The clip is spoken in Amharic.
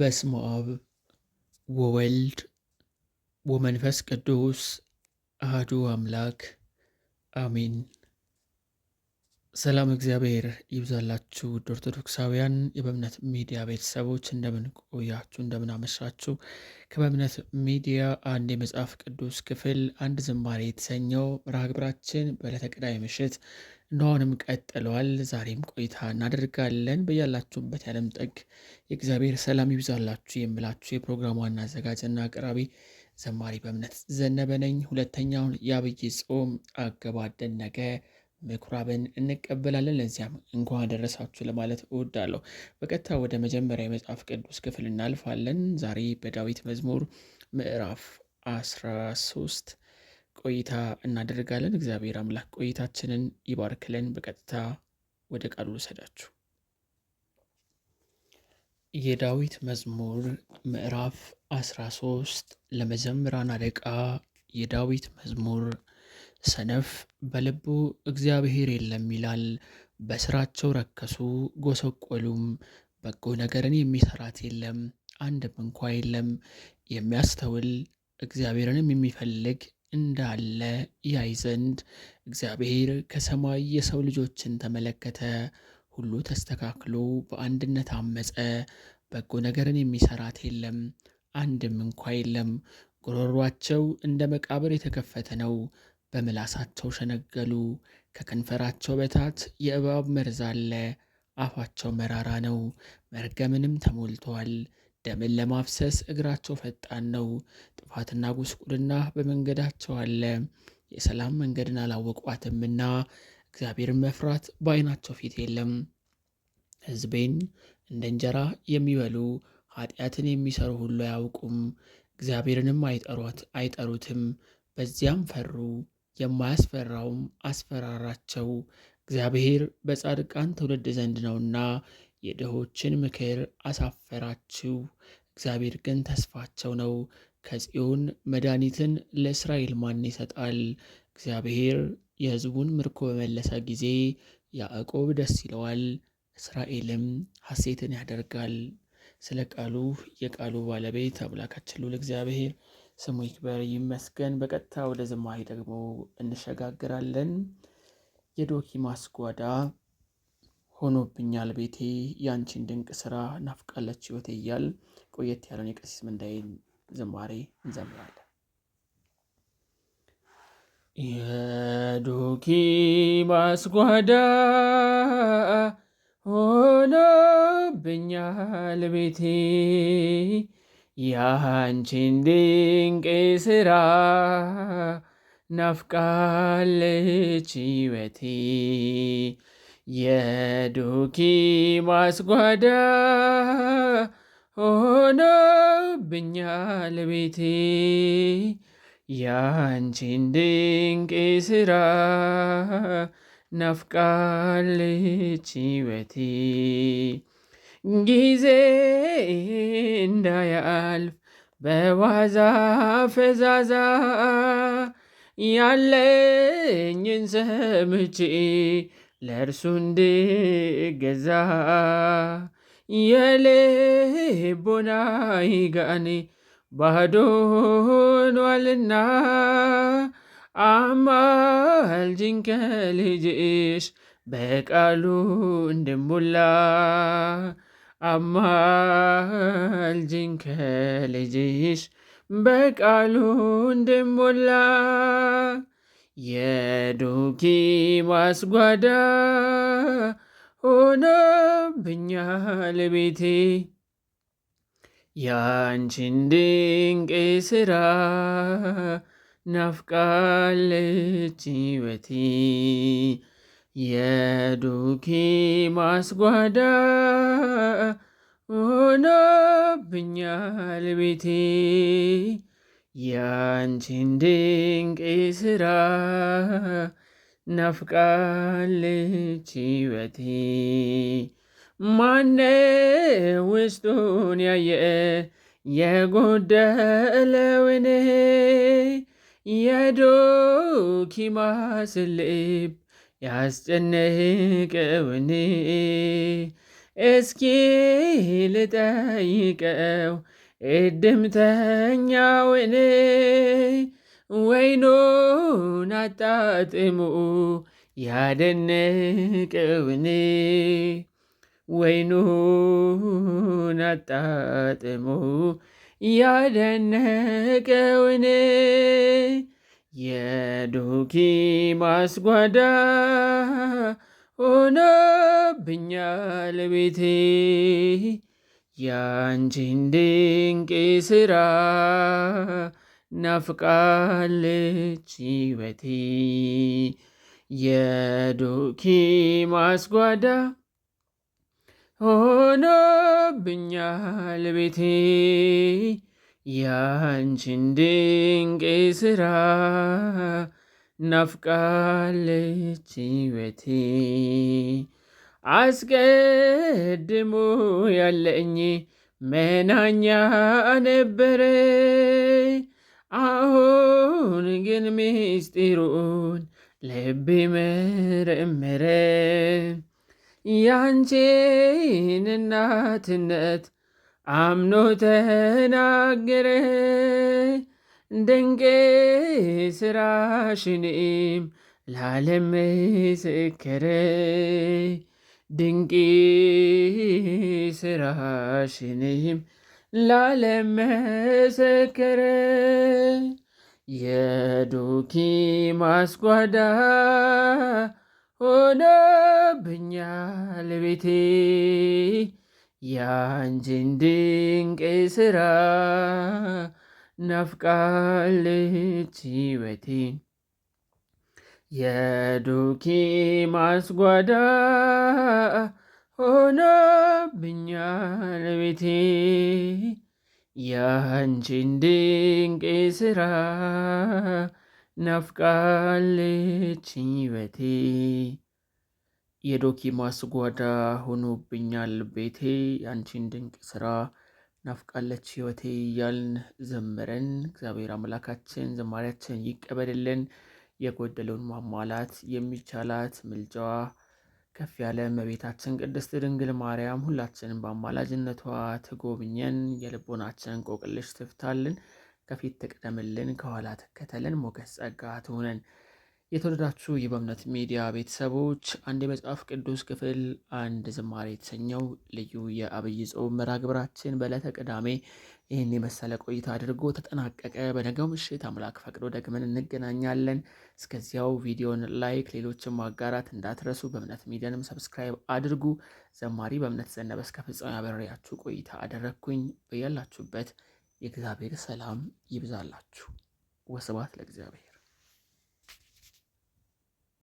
በስመ አብ ወወልድ ወመንፈስ ቅዱስ አህዱ አምላክ አሚን። ሰላም እግዚአብሔር ይብዛላችሁ። ውድ ኦርቶዶክሳውያን የበእምነት ሚዲያ ቤተሰቦች እንደምን ቆያችሁ? እንደምን አመሻችሁ? ከበእምነት ሚዲያ አንድ የመጽሐፍ ቅዱስ ክፍል አንድ ዝማሬ የተሰኘው መርሃ ግብራችን በዕለተ ቅዳሜ ምሽት እንደአሁንም ቀጥለዋል። ዛሬም ቆይታ እናደርጋለን። በያላችሁበት ያለም ጠግ የእግዚአብሔር ሰላም ይብዛላችሁ የምላችሁ የፕሮግራሙ ዋና አዘጋጅና አቅራቢ ዘማሪ በእምነት ዘነበ ነኝ። ሁለተኛውን የአብይ ጾም አገባደን ነገ ምኩራብን እንቀበላለን። ለዚያም እንኳን ደረሳችሁ ለማለት እወዳለሁ። በቀጥታ ወደ መጀመሪያ የመጽሐፍ ቅዱስ ክፍል እናልፋለን። ዛሬ በዳዊት መዝሙር ምዕራፍ 13 ቆይታ እናደርጋለን። እግዚአብሔር አምላክ ቆይታችንን ይባርክልን። በቀጥታ ወደ ቃሉ ልውሰዳችሁ። የዳዊት መዝሙር ምዕራፍ 13 ለመዘምራን አለቃ የዳዊት መዝሙር። ሰነፍ በልቡ እግዚአብሔር የለም ይላል። በስራቸው ረከሱ ጎሰቆሉም። በጎ ነገርን የሚሰራት የለም አንድም እንኳ የለም። የሚያስተውል እግዚአብሔርንም የሚፈልግ እንዳለ ያይ ዘንድ እግዚአብሔር ከሰማይ የሰው ልጆችን ተመለከተ። ሁሉ ተስተካክሎ በአንድነት አመፀ። በጎ ነገርን የሚሰራት የለም፣ አንድም እንኳ የለም። ጉሮሯቸው እንደ መቃብር የተከፈተ ነው። በምላሳቸው ሸነገሉ። ከከንፈራቸው በታች የእባብ መርዝ አለ። አፋቸው መራራ ነው፣ መርገምንም ተሞልተዋል። ደምን ለማፍሰስ እግራቸው ፈጣን ነው። ጥፋትና ጉስቁልና በመንገዳቸው አለ። የሰላም መንገድን አላወቋትምና እግዚአብሔርን መፍራት በዓይናቸው ፊት የለም። ሕዝቤን እንደ እንጀራ የሚበሉ ኃጢአትን የሚሰሩ ሁሉ አያውቁም፣ እግዚአብሔርንም አይጠሯት አይጠሩትም። በዚያም ፈሩ፣ የማያስፈራውም አስፈራራቸው። እግዚአብሔር በጻድቃን ትውልድ ዘንድ ነውና የድሆችን ምክር አሳፈራችሁ፣ እግዚአብሔር ግን ተስፋቸው ነው። ከጽዮን መድኃኒትን ለእስራኤል ማን ይሰጣል? እግዚአብሔር የሕዝቡን ምርኮ በመለሰ ጊዜ ያዕቆብ ደስ ይለዋል፣ እስራኤልም ሐሴትን ያደርጋል። ስለ ቃሉ የቃሉ ባለቤት አምላካችን ልዑል እግዚአብሔር ስሙ ይክበር ይመስገን። በቀጥታ ወደ ዝማሬ ደግሞ እንሸጋግራለን። የዶኪማስ ጓዳ ሆኖብኛል ቤቴ ያንቺን ድንቅ ስራ ናፍቃለች ህይወቴ እያል ቆየት ያለውን የቀሲስ ምንዳይን ዝማሬ እንዘምራለን። የዱኪ ማስጓዳ ሆኖብኛል ቤቴ ያንቺን ድንቅ ስራ ናፍቃለች ህይወቴ ማስጓዳ ጓዳ ሆኖብኛል ቤቴ ያንቺን ድንቅ ስራ ናፍቃለች ሕይወቴ ጊዜ እንዳያልፍ በዋዛ ፈዛዛ ያለኝን ሰምቼ ለእርሱ እንድገዛ የልቦናዬ ጋኔ ባዶ ሆኗልና አማልጅኝ ከልጅሽ በቃሉ እንድሞላ አማልጅኝ ከልጅሽ በቃሉ እንድሞላ የዱኪ ማስጓዳ ሆነ ቤቴ ያንቺን ድንቅ ስራ ናፍቃለች የዱኪ ማስጓዳ ሆነ ብኛል ቤቴ ያንቺን ድንቅ ስራ ናፍቃለች ሕይወቴ። ማነ ውስጡን ያየ የጎደለውን የዶኪማስን ልብ ያስጨነቀውን እስኪ ልጠይቀው እድምተኛውን ወይኑን አጣጥሙ ያደነቀውን ወይኑን አጣጥሙ ያደነቀውን የዶኪማስ ማስጓዳ ሆኖብኛል ቤቴ ያንቺን ድንቅ ስራ ናፍቃለች የዱኪ ማስጓዳ ሆኖ ብኛል ቤቴ ያንቺን ድንቅ ስራ ናፍቃለች ሕይወቴ አስቀድሞ ያለኝ መናኛ ነበረ፣ አሁን ግን ምስጢሩን ልቤ መረመረ። ያንቺን እናትነት አምኖ ተናገረ፣ ድንቅ ስራሽንም ላለም ምስክር ድንቅ ስራሽንም ላለመሰከረ የዱኪ ማስጓዳ ሆነብኛል ቤቴ ያንቺን ድንቅ ስራ ናፍቃለች ሕይወቴ። የዱኪ ማስጓዳ ሆነብኛል ቤቴ ያንቺን ድንቅ ስራ ናፍቃለች ሕይወቴ። የዶኪ ማስጓዳ ሆኖብኛል ቤቴ ያንቺን ድንቅ ስራ ናፍቃለች ህይወቴ እያልን ዘምረን እግዚአብሔር አምላካችን ዘማሪያችን ይቀበልልን። የጎደለውን ማሟላት የሚቻላት ምልጃዋ ከፍ ያለ እመቤታችን ቅድስት ድንግል ማርያም ሁላችንን በአማላጅነቷ ትጎብኘን፣ የልቦናችንን ቆቅልሽ ትፍታልን፣ ከፊት ትቅደምልን፣ ከኋላ ትከተልን፣ ሞገስ ጸጋ ትሆነን። የተወደዳችሁ የበእምነት ሚዲያ ቤተሰቦች አንድ የመጽሐፍ ቅዱስ ክፍል አንድ ዝማሬ የተሰኘው ልዩ የአብይ ጾም መርሃ ግብራችን በዕለተ ቅዳሜ ይህን የመሰለ ቆይታ አድርጎ ተጠናቀቀ። በነገው ምሽት አምላክ ፈቅዶ ደግመን እንገናኛለን። እስከዚያው ቪዲዮን ላይክ፣ ሌሎችን ማጋራት እንዳትረሱ። በእምነት ሚዲያንም ሰብስክራይብ አድርጉ። ዘማሪ በእምነት ዘነበ እስከ ፍጻሜ አብሬያችሁ ቆይታ አደረግኩኝ። በያላችሁበት የእግዚአብሔር ሰላም ይብዛላችሁ። ወስብሐት ለእግዚአብሔር።